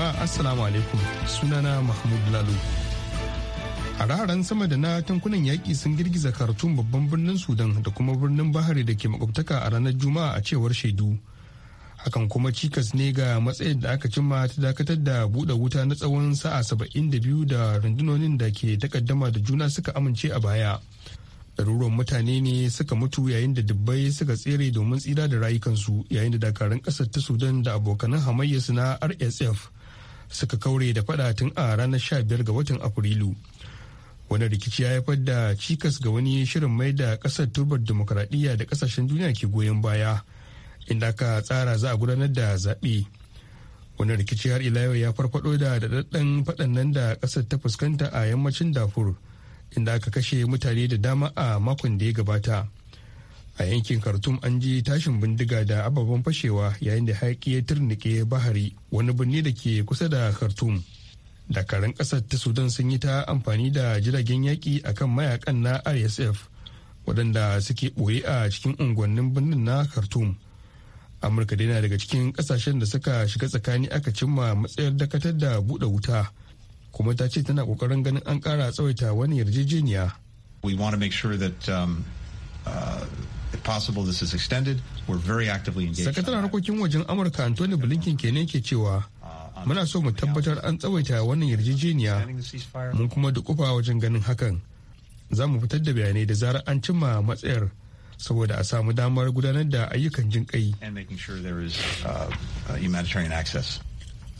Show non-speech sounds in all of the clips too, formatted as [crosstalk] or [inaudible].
jama'a assalamu alaikum sunana mahmud lalu a raran sama da na tankunan yaƙi sun girgiza karatun babban birnin sudan da kuma birnin bahari da ke makwabtaka a ranar juma'a a cewar shaidu hakan kuma cikas ne ga matsayin da aka cimma ta dakatar da buɗe wuta na tsawon sa'a saba'in da biyu da rundunonin da ke takaddama da juna suka amince a baya ɗaruruwan mutane ne suka mutu yayin da dubbai suka tsere domin tsira da rayukansu yayin da dakarun ƙasar ta sudan da abokanan hamayya na rsf suka kaure da fada tun a ranar 15 ga watan afrilu wani rikici ya haifar da cikas ga wani shirin mai da kasar turbar demokradiyya da kasashen duniya ke goyon baya inda aka tsara za a gudanar da zaɓe wani rikici har ila ya farfado da daɗaɗɗen faɗan nan da ƙasar ta fuskanta a yammacin dafur inda aka kashe mutane da dama a makon da ya gabata a yankin khartoum an ji tashin bindiga da ababen fashewa yayin da hayaƙi ya turnike bahari wani birni da ke kusa da khartoum dakarun ƙasa ta sudan sun yi ta amfani da jiragen yaƙi akan mayakan na rsf waɗanda suke ɓoye a cikin unguwannin birnin na khartoum amurka dai na daga cikin ƙasashen da suka shiga tsakani aka cimma matsayar dakatar da buɗe wuta kuma ta ce tana ƙoƙarin ganin an ƙara tsawaita wani yarjejeniya we want to make sure that um, uh, if possible this is extended we're very actively engaged sakataren harkokin wajen amurka anthony blinken kenan ke cewa uh, muna so mu tabbatar an tsawaita wannan yarjejeniya mun kuma da kufa wajen ganin hakan za mu fitar da bayanai da zarar an cimma matsayar saboda a samu damar gudanar da ayyukan jin kai uh, uh,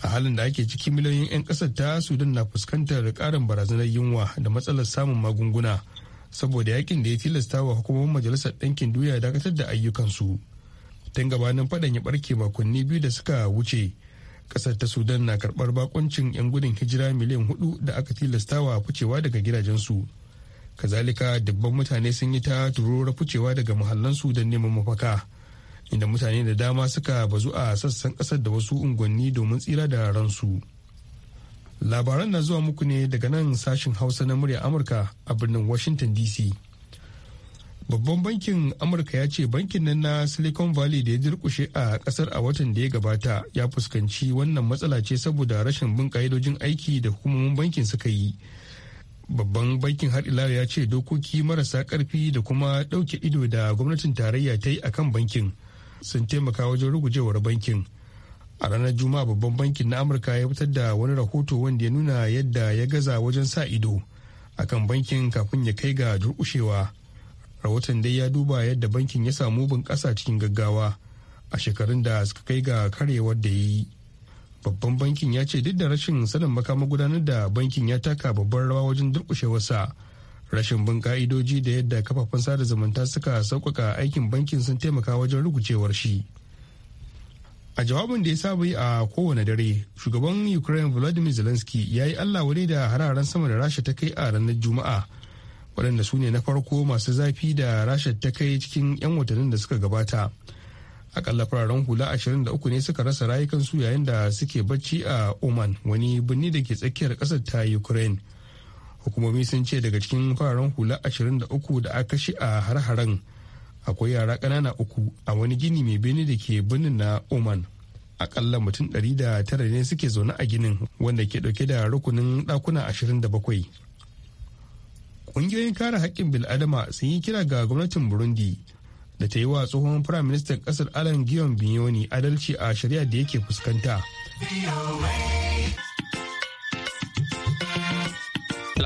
a halin da ake ciki miliyoyin 'yan kasar ta sudan na fuskantar karin barazanar yunwa da matsalar samun magunguna saboda yakin da ya tilasta wa hukumomin majalisar ɗinkin duniya dakatar da ayyukansu tun gabanin faɗan ya ɓarke makonni biyu da suka wuce ƙasar ta sudan na karɓar bakuncin 'yan gudun hijira miliyan hudu da aka tilasta wa ficewa daga gidajensu kazalika dubban mutane sun yi ta turura ficewa daga muhallansu don neman mafaka inda mutane da dama suka bazu a sassan ƙasar da wasu unguwanni domin tsira da ransu. labaran na zuwa muku ne daga nan sashin hausa na murya amurka a birnin washington dc babban bankin amurka ya ce bankin nan na silicon valley da ya durkushe a kasar a watan da ya gabata ya fuskanci wannan matsala ce saboda rashin bin ka'idojin aiki da hukumomin bankin suka yi babban bankin har ila ya ce dokoki marasa karfi da kuma ɗauke ido da gwamnatin tarayya ta yi akan bankin sun taimaka wajen rugujewar bankin a ranar juma'a babban bankin na amurka ya fitar da wani rahoto wanda ya nuna yadda ya gaza wajen sa ido a kan bankin kafin ya kai ga durkushewa rahoton dai ya duba yadda bankin ya samu bunƙasa cikin gaggawa a shekarun da suka kai ga karewar da ya yi babban bankin ya ce duk da rashin sanin makama gudanar da bankin ya taka babban rawa wajen durkushewarsa rashin bin ka'idoji da yadda kafafen sada zumunta suka sauƙaƙa aikin bankin sun taimaka wajen rugucewar shi a jawabin da ya saba yi a kowane dare shugaban ukraine volodymyr zelensky ya yi allah wani da hararen sama da rasha ta kai a ranar juma'a waɗanda su ne na farko masu zafi da rasha ta kai cikin 'yan watannin da suka gabata akalla fararen hula 23 ne suka rasa rayukansu yayin da suke bacci a oman wani birni da ke tsakiyar ƙasar ta ukraine hukumomi sun ce daga cikin fararen hula 23 da aka kashe a har-haren akwai yara ƙanana uku a wani gini mai bene da ke birnin na oman akalla mutum ɗari da tara ne suke zaune a ginin wanda ke ɗauke da rukunin ɗakuna ashirin da bakwai. ƙungiyoyin kare haƙƙin bil'adama sun yi kira ga gwamnatin burundi da ta yi wa tsohon firaministan ƙasar alan giyon binyoni adalci a shari'a da yake fuskanta.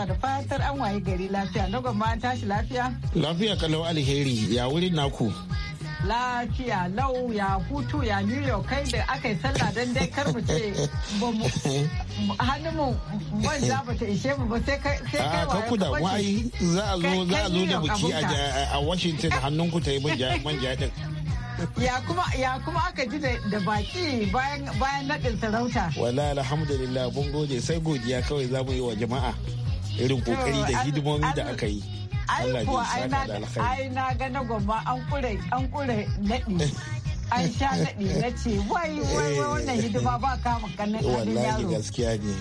Hanifa da fatar an waye gari lafiya. Na gwamma an tashi lafiya? Lafiya kalau alheri ya wurin naku. lafiya lau ya hutu ya new york kai da aka yi sallah don dai kar mu ce mu wani za ba ta ishe mu ba sai kai wa kuda wai za a zo za a zo da buki a washington hannun ku ta yi manja din ya kuma ya kuma aka ji da baki bayan bayan nadin sarauta wallahi alhamdulillah mun gode sai godiya kawai za mu yi wa jama'a irin kokari da hidimomi da aka yi Allah da alkhairi ai na ga na goma an kure an kure nadi an sha nadi ce wai wai wannan hidima ba kama kanan wallahi gaskiya ne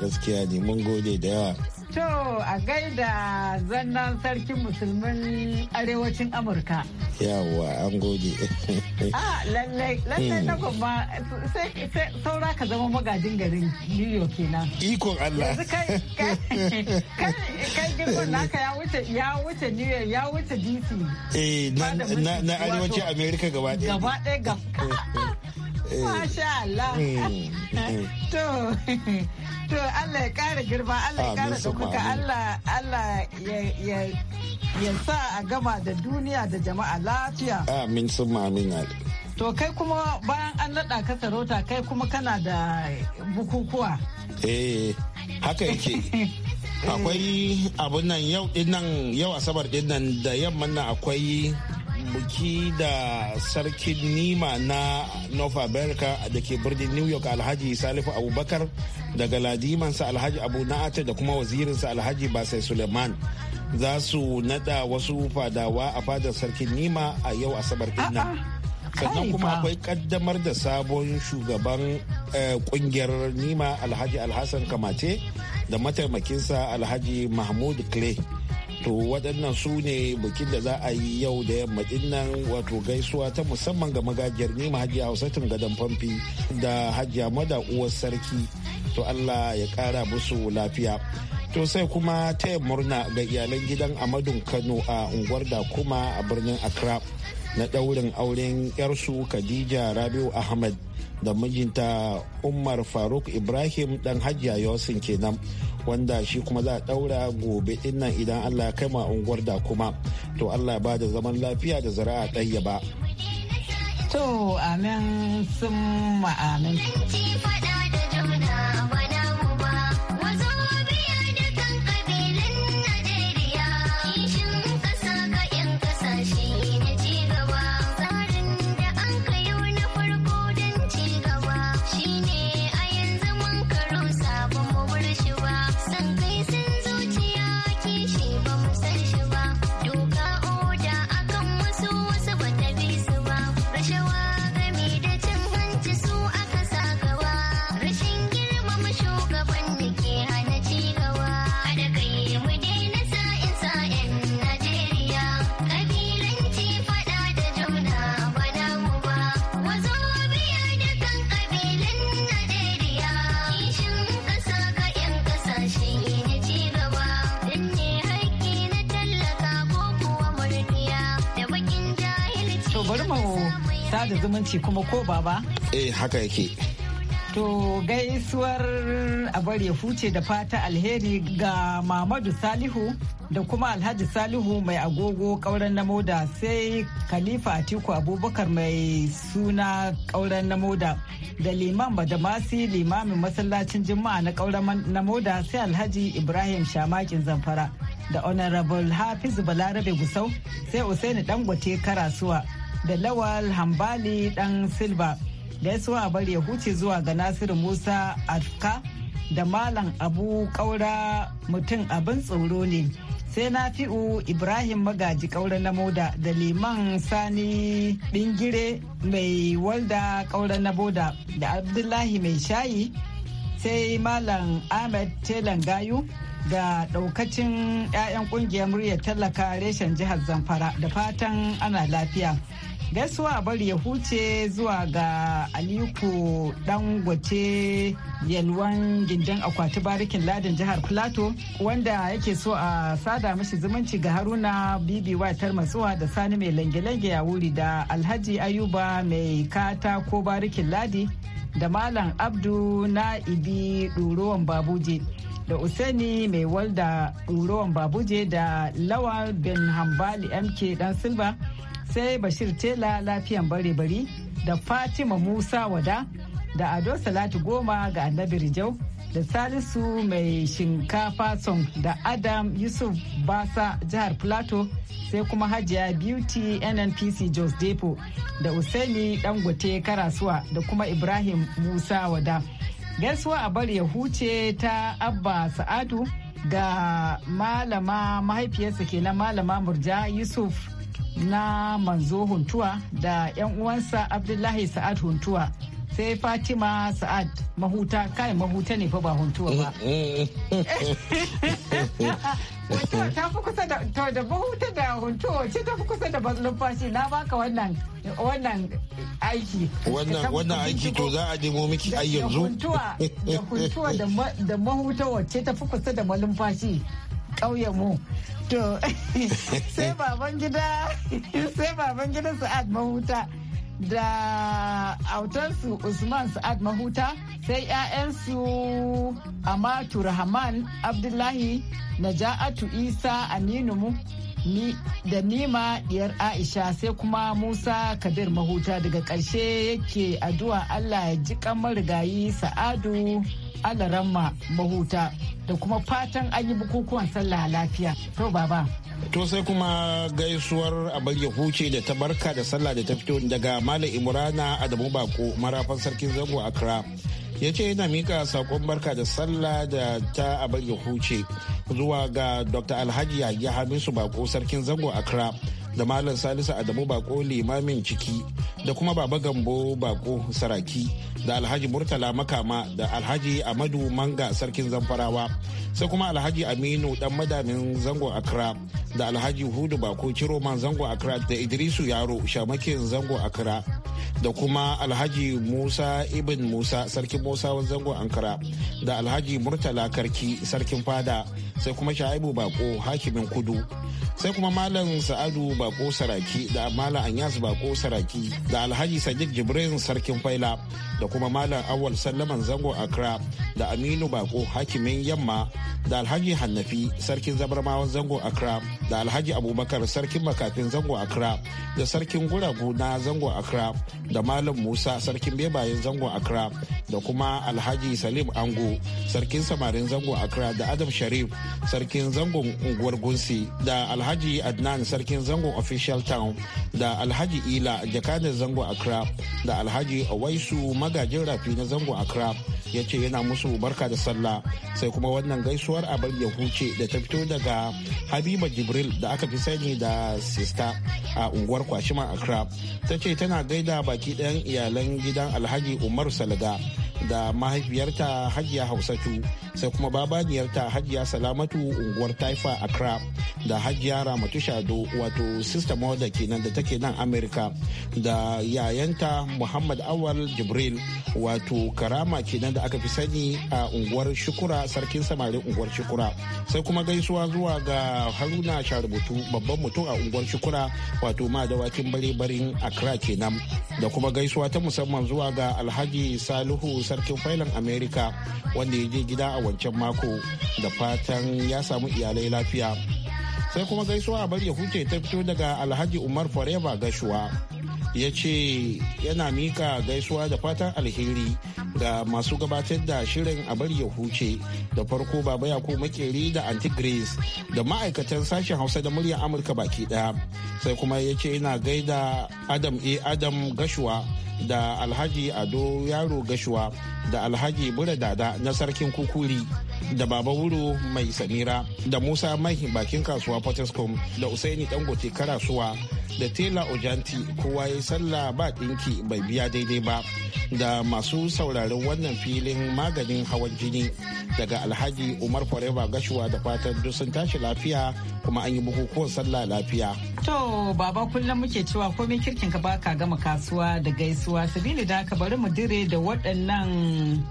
gaskiya ne mun gode da yawa To a gaida zannan sarkin musulmin arewacin Amurka. Yawwa an gode. A [laughs] ah, lallai lallai na hmm. kuma sai saura ka zama magajin garin New York kenan. Ikon Allah. Kai girman naka ya wuce ya wuce New York ya wuce DC. Eh na arewacin Amerika gaba ɗaya. Gaba ɗaya [laughs] Eh. Masha Allah. Eh. [laughs] To, [laughs] to Allah ya kara girma, Allah ya kara ɗaukaka, Allah Allah ya ya sa a gama da duniya da jama'a lafiya. Amin sun amin To kai kuma bayan an naɗa ka sarauta kai kuma kana da bukukuwa. Eh, haka yake. [laughs] akwai abun nan yau dinnan yau asabar dinnan da yamman nan akwai buki da sarkin nima na north america da ke birnin new york alhaji salifu abubakar daga ladimansa alhaji abu na'ata da kuma wazirinsa alhaji basai suleiman za su nada wasu fadawa a fadar sarkin nima a yau asabar dinnan sannan kuma akwai kaddamar da sabon shugaban kungiyar eh, nima alhaji alhassan kamate da mataimakinsa alhaji mahmud clay to waɗannan su ne bikin da za a yi yau da yamma dinnan wato gaisuwa ta musamman ga magajiyar nima hajiya tun gadon famfi da hajiya mada uwar sarki to allah ya ƙara musu lafiya to sai kuma taya murna ga iyalan gidan amadun kano a unguwar da kuma a birnin accra na ɗaurin auren yarsu khadija rabiu ahmed da mijinta umar faruk ibrahim dan hajiya yosin kenan wanda shi kuma za a daura gobe dinnan idan allah ya kai ma unguwar da kuma to allah ba da zaman lafiya da zara'a ɗaya ba to amin sun ma'amin da zumunci kuma ko baba? Eh haka yake. To gaisuwar abar ya fuce da fata alheri ga Mamadu Salihu da kuma Alhaji Salihu mai agogo kauran na moda sai Khalifa Atiku Abubakar mai suna kauran na moda da liman Badamasi limamin masallacin Juma'a na kauran na moda sai Alhaji Ibrahim Shamakin Zamfara da Honorable Hafizu Balarabe Gusau sai Usaini Dangote Karasuwa. da Lawal Hambali dan Silva da ya a bari ya huce zuwa ga Nasiru Musa Atka da Malam Abu Kaura mutum abin tsoro ne. Sai Nafi'u Ibrahim Magaji Kaura na Moda da Liman Sani dingire mai walda Kaura na Boda da Abdullahi mai shayi sai Malam Ahmed Telan Gayu da daukacin 'ya'yan kungiyar murya tallaka reshen jihar Zamfara da fatan ana lafiya. gaisuwa a bari ya huce zuwa ga aliku dan gwace yalwan gindin akwati barikin ladin jihar plato wanda yake so a sada mashi zumunci ga haruna bibi watar matsuwa da sani mai lange-lange ya wuri da alhaji ayuba mai kata ko barikin ladi da malam abdu na ibi ɗorowan babuje da usaini mai walda ɗorowan babuje da lawa bin hambali mk dan silva sai Bashir Tela lafiyan bare bari da Fatima Musa wada da Ado Salatu Goma ga Annabi Rijau da Salisu mai shinkafa song da Adam Yusuf Basa jihar plato sai kuma Hajiya Beauty NNPC Jos Depo da Usaini Dangote Karasuwa da kuma Ibrahim Musa wada. Gaisuwa a bari ya huce ta Abba Sa'adu ga malama mahaifiyarsa kenan malama Murja Yusuf na manzo huntuwa da 'yan uwansa abdullahi sa'ad huntuwa sai fatima sa'ad mahuta kai mahuta ne fa ba huntuwa ba ta fi kusa da to da mahuta da huntuwa ce ta fi kusa da numfashi na baka wannan wannan aiki wannan wannan aiki to za a nemo miki ai yanzu da da huntuwa da mahuta wacce ta fi kusa da malumfashi ƙauyen mu to [laughs] sai baban gida [laughs] sai baban gida sa'ad mahuta da su usman sa'ad mahuta sai 'ya'yansu amatu rahman abdullahi naja'atu isa aminu da nima diyar aisha sai kuma musa kabir mahuta daga ƙarshe yake addu'a allah ya ji kamar rigayi sa'adu alaramma mahuta da kuma fatan an yi bukukuwan sallah lafiya to baba to sai kuma gaisuwar abar ya huce da ta barka da sallah da ta fito daga malam imrana adamu bako marafan sarkin zango kira ya ce yana mika saƙon barka da sallah da ta abar ya huce zuwa ga dr alhaji ya hamisu bako sarkin zango kira. da Malam Salisu Adamu Bako limamin ciki da kuma Baba Gambo Bako Saraki da Alhaji Murtala Makama da Alhaji Amadu Manga Sarkin Zamfarawa sai kuma Alhaji Aminu dan madamin zango akra da Alhaji Hudu Bako Ciroman zango akra da Idrisu Yaro Shamakin zango akra da kuma alhaji musa ibn musa sarkin musa zango ankara da alhaji murtala karki sarkin fada sai kuma sha'ibu bako hakimin kudu sai kuma malam sa'adu bako saraki da malam anyas bako saraki da alhaji sadiq jibrin sarkin faila da kuma malam awal sallaman zango accra da aminu bako hakimin yamma da alhaji hannafi sarkin zabarmawan zango accra da alhaji abubakar sarkin makafin zango accra da sarkin guragu na zango accra da Malam Musa sarkin bebayen zangon Accra da kuma Alhaji Salim Ango sarkin samarin zangon Accra da Adam Sharif sarkin zangon unguwar Gunsi da Alhaji Adnan sarkin zangon Official Town da Alhaji Ila zango zangon Accra da Alhaji Awaisu magajin rafi na zangon Accra ya ce yana musu barka da sallah sai kuma wannan gaisuwar a ya huce da ta fito daga Habiba Jibril da aka fi sani da Sista a unguwar Kwashima Accra ta ce tana gaida da baki ɗayan iyalan gidan alhaji umar salga da mahaifiyarta hajiya hausatu sai kuma babaniyarta hajiya salamatu unguwar taifa accra da hajiya ramatu shado wato sister mother kenan da take nan america da yayanta muhammad awal jibril wato karama kenan da aka fi sani a unguwar shukura sarkin samari unguwar shukura sai kuma gaisuwa zuwa ga haruna sharubutu babban mutum a unguwar shukura wato ma dawakin bare-barin accra kenan da kuma gaisuwa ta musamman zuwa ga alhaji salihu sarkin failan america wanda ya je gida a wancan mako da fatan ya samu iyalai lafiya sai kuma gaisuwa a bari ya huce ta fito daga alhaji umar forever gashuwa ya ce yana mika gaisuwa da fatan alheri da masu gabatar da shirin a bari ya huce da farko baba ya makeri da anti grace da ma'aikatan sashen hausa da muryar amurka baki daya sai kuma ya ce yana gaida adam a adam gashuwa da alhaji ado yaro gashuwa da alhaji bura dada na sarkin kukuri da baba wuro mai samira da musa mai bakin kasuwa potescom da usaini dangote karasuwa da tela ojanti kowa ya sallah ba dinki bai biya daidai ba da masu sauraron wannan filin maganin hawan jini daga alhaji umar kwareba gashuwa da fatan duk sun tashi lafiya kuma an yi bukukuwan sallah lafiya to baba kullum muke cewa komai kirkin ka baka gama kasuwa da gaisuwa sabili da aka bari mu dire da waɗannan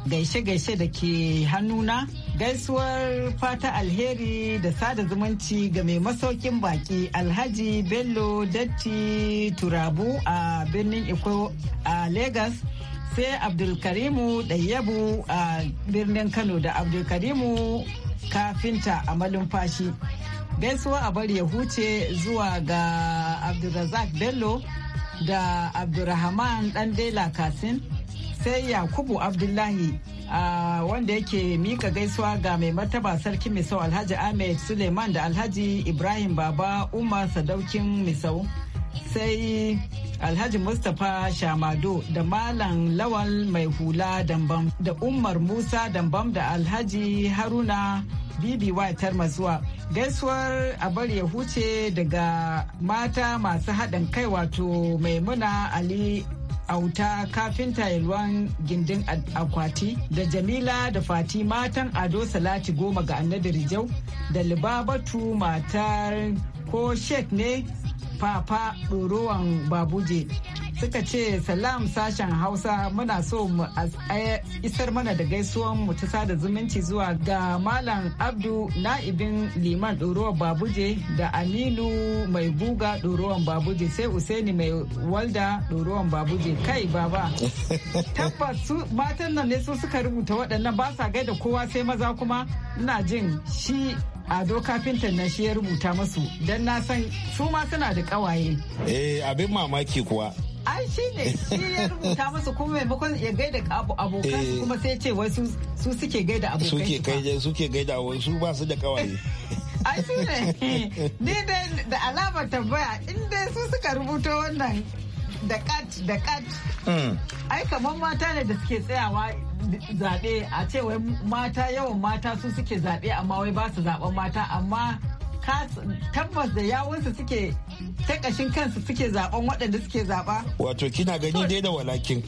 gaishe-gaishe da ke hannuna gaisuwar fata alheri da sada zumunci ga mai masaukin baki alhaji bello datti turabu a birnin iko a lagos sai abdulkarimu ɗayyabu a birnin kano da abdulkarimu kafinta a malumfashi gaisuwa a bari ya huce zuwa ga abdulrazak bello da abdulrahman dan dela kasin sai yakubu abdullahi wanda yake mika gaisuwa ga mai martaba sarki misau alhaji ahmed suleiman da alhaji ibrahim baba umar sadaukin misau sai alhaji mustapha shamado da malam lawal mai hula dambam da umar musa dambam da alhaji haruna BBY Tarmazuwa. Gaisuwar a bari ya huce daga mata masu haɗin kai wato Maimuna Ali auta kafinta yalwan gindin akwati da jamila da fati matan ado salati goma ga annabi rijau da libabatu matar ko shek ne papa ɗorowan babuje suka ce salam sashen hausa muna so mu eh, isar mana da gaisuwan mu ta sada zumunci zuwa ga malam abdu na'ibin liman ɗoruwan babuje da aminu mai buga ɗoruwan babuje sai usaini mai walda ɗoruwan babuje kai baba [laughs] tabbas matan nan ne su suka rubuta waɗannan ba sa gaida kowa sai maza kuma ina jin shi a ado kafinta na shi ya rubuta masu don na san su ma suna da ƙawaye eh abin mamaki kuwa ai shi ne shi ya rubuta masu kuma maimakon ya gaida abokan eh. kuma sai ce wai su suke gaida abokan suke gaida wasu ba su da kawai. [laughs] ai shi ne ni dai da alama tambaya in dai su suka rubuto wannan da kat da kat hmm. ai kamar mata ne da suke tsayawa zaɓe a ce wai mata yawan mata su suke zaɓe amma wai ba su zaɓen mata amma tabbas da yawunsu suke ta kashin kansu suke zaben waɗanda suke zaba. Wato kina gani dai da walakin.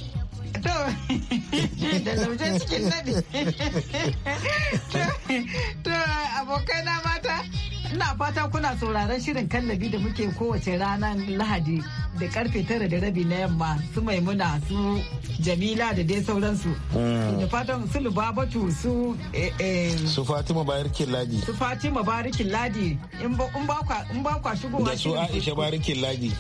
To, da cikin [laughs] To, abokai na ma Ina fata kuna sauraron shirin kallabi da muke kowace ranar Lahadi da karfe tara da rabi na yamma su maimuna su jamila da dai sauransu. Hmm. Da fatan su lubabatu su eh, eh, su Fatima Barikin Ladi. Su Fatima Barikin Ladi in ba kwa shigowa. Da su Aisha Barikin Ladi.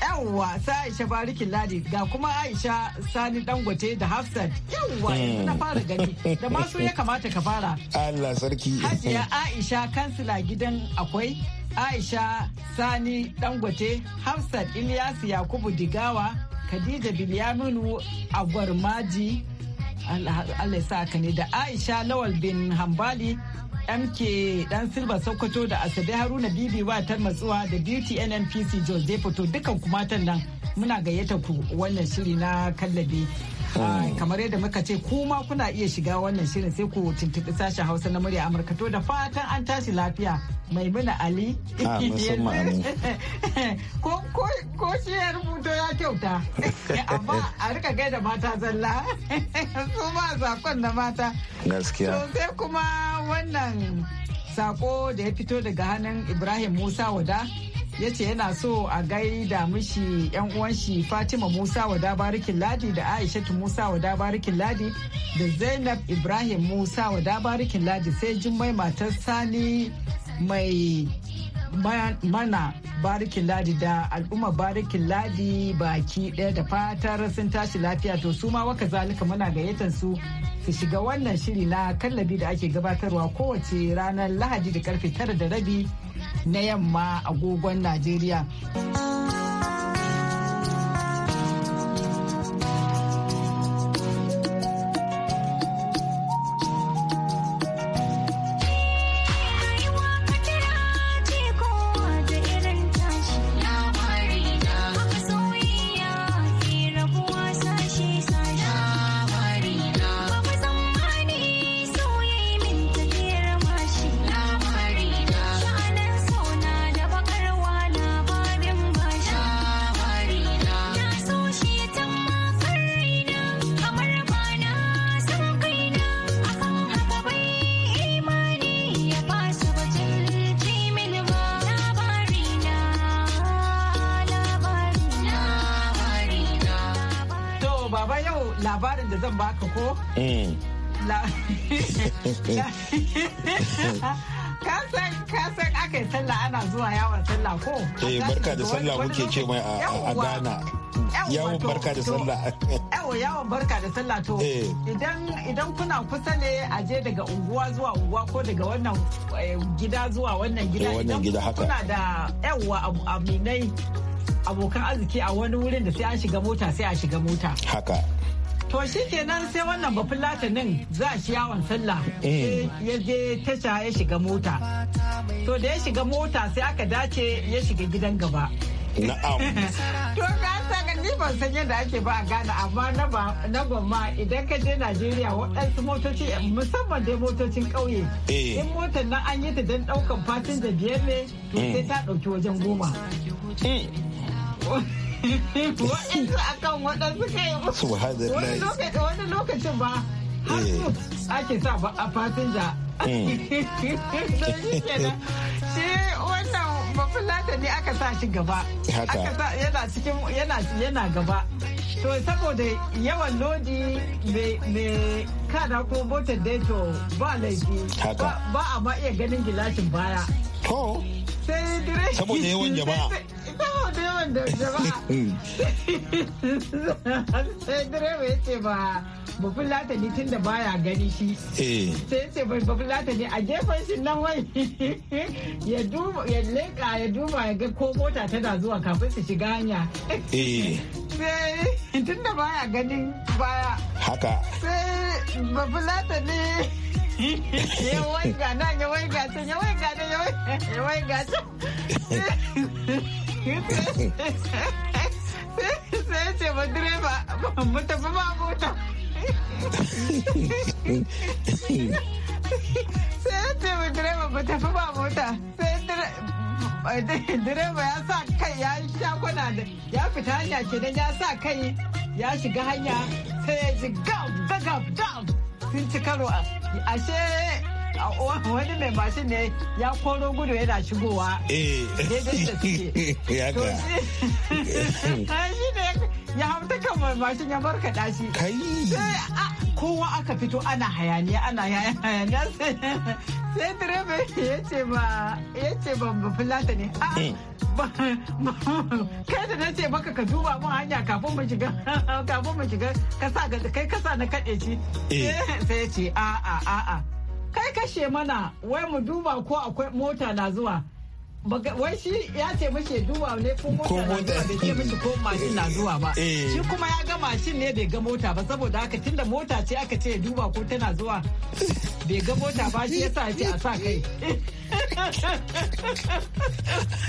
yawwa sa aisha barikin ladi ga kuma aisha sani dangote da hafsat yawwa yanzu na fara gani da masu ya kamata ka fara allah sarki hajiya aisha kansila gidan akwai aisha sani dangote hafsat Ilyasu yakubu digawa khadija bilyaminu agwarmaji Allah sa ka ne da Aisha Lawal bin Hambali MK dan Silva Sokoto da Asabe Haruna Bibi wa matsuwa da Beauty NNPC Jos Defoto dukan kumatan nan muna gayyata ku wannan shiri na kallabe. Oh. kamar yadda muka ce kuma kuna iya shiga wannan shirin sai ku tuntuɓi sashen hausa na murya amurka to da fatan an tashi lafiya maimuna ali ah, [laughs] ko shi ya buto ya kyauta [laughs] amma a rika gaida mata zalla [laughs] su ma zakon na mata gaskiya sai kuma wannan sako da ya fito daga hannun ibrahim musa wada ya ce yana so a gaida mishi yan uwan shi fatima musa wa dabarikin ladi da aishatu musa wa dabarikin ladi da zainab ibrahim musa wa dabarikin ladi sai jummai matar sani mai mana barikin ladi da al'umma barikin ladi baki ɗaya da fatar sun tashi lafiya to su ma waka zalika muna gayyatar su su shiga wannan shiri na kallabi da ake gabatarwa kowace ranar lahadi da karfe tara da rabi na yamma agogon Najeriya. labarin da zan baka ko? Eh. [laughs] kasan aka yi sallah ana zuwa yawon sallah ko? eh barka da sallah muke ce mai a ghana yawon barka da sallah [laughs] yawo yawon barka da sallah to eh. idan kuna kusa ne a je daga unguwa zuwa unguwa ko daga wannan eh, gida zuwa wannan gida Wannan gida idan kuna da yawa aminai abokan arziki a wani wurin da sai an shiga mota sai a shiga mota haka To shi kenan sai wannan bafulatanin za shi yawon sallah eh. ya je tasha ya shiga mota. To da ya shiga mota sai aka dace ya shiga gidan gaba. Na'am. [laughs] To ka saka ni ban san yadda ake ba a Ghana amma na gwamma idan ka je Najeriya waɗansu motoci musamman dai motocin ƙauye. Eh. In motar nan an yi ta don ɗaukan fatin da biyar ne to sai mm. ta ɗauki wajen goma. Mm. [laughs] a kan waɗansu kai wani lokacin ba eh. ake sa ba a fasinja hmm. [laughs] shi wannan mafulata ne aka sa shi gaba yana gaba to saboda yawan lodi mai kada ko motar daito ba laifi ba a ma iya ganin gilashin baya saboda yawan jama'a saboda yawan jama'a sai direba ya ce ba bafin latani tun da baya gani shi sai ce bafin latani a gefen shi nan wai ya duba ya leka ya duba ya ga ko mota tana zuwa kafin su shiga hanya sai tun da baya ganin baya haka sai bafin latani ya direba ya sa kai ya sha da ya fita hanya kenan ya sa kai ya shiga hanya sai ya ji gab gab gab sun ci karo a ashe wani mai mashin ne ya koro gudu yana shigowa eh. daidai da suke [laughs] ya ka [laughs] shi ne ya hau ta kan mai mashin ya barka dashi kai eh, kowa aka fito ana hayaniya ana hayaniya [laughs] sai direba ya ce ba ya ce hmm. ba fulata ne kai da na ce maka ka duba mun hanya kafin mu shiga kafin mu shiga kasa kai kasa na kaɗe shi eh. sai ya ce a a a a kai kashe mana wai mu duba ko akwai mota na zuwa wai shi ya ce mace duwa ne ko mota na zuwa bai ce ko mashin na zuwa ba [laughs] eh. shi kuma ya ga mashin ne bai ga mota ba saboda haka tunda mota ce aka ce duba ko tana zuwa bai ga mota ba shi yasa ya ce a sa kai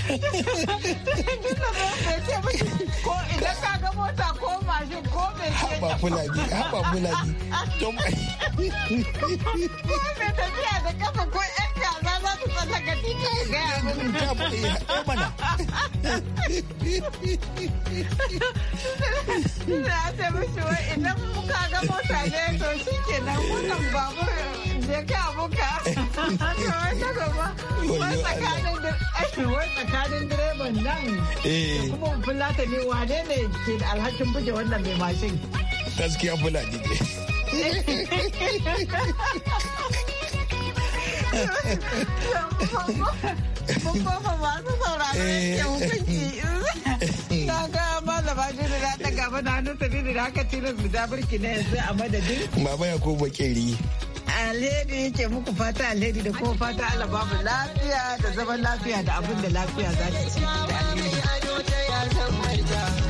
tunda [laughs] ce ko idan ka ga mota ko mashin ko bai ce haba fulani haba fulani [laughs] ko mai tafiya da kafa ko yan kaza za su fasa ka tika ga ya mana na ce mishi wai idan muka ga mota ne to shi ke nan wannan babur je ka muka to wai ta gaba wai tsakanin direban nan kuma fulata ne wane ne ke alhakin buge wannan mai mashin gaskiya fulani ne [laughs] Babban masu sauraron ke hukunci. Ta ga malama jini na ta gaba na hannun sabini da haka tilas mu birki na yanzu a madadin. Baba ya ko bakeri. alheri yake muku fata alheri da kuma fata Allah babu lafiya da zaman lafiya da abin da lafiya za ta ci da alheri.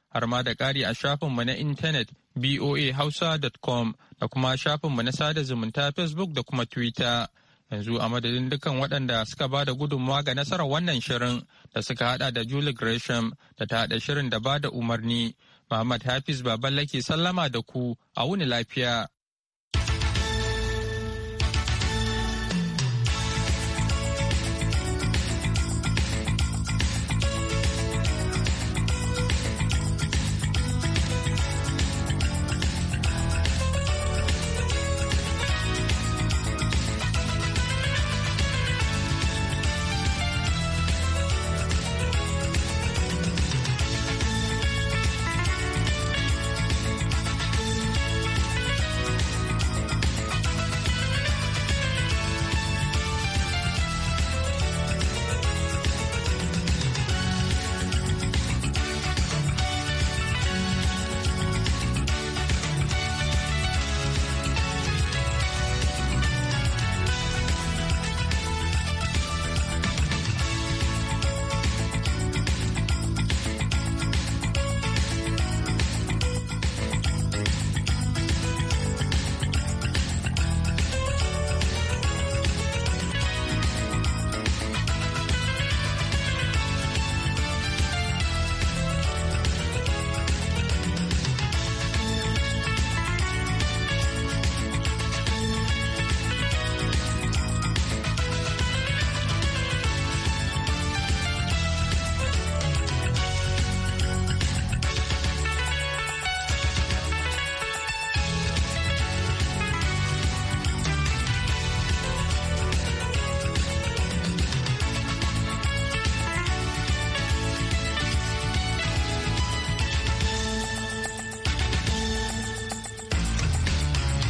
har ma da ƙari a shafinmu na intanet boahausa.com da kuma shafinmu na sada zumunta facebook da kuma twitter yanzu a madadin dukkan waɗanda suka ba da gudunmawa ga nasarar wannan shirin da suka haɗa da julie gresham da ta haɗa shirin da ba da umarni muhammad hafiz ke sallama da ku a wuni lafiya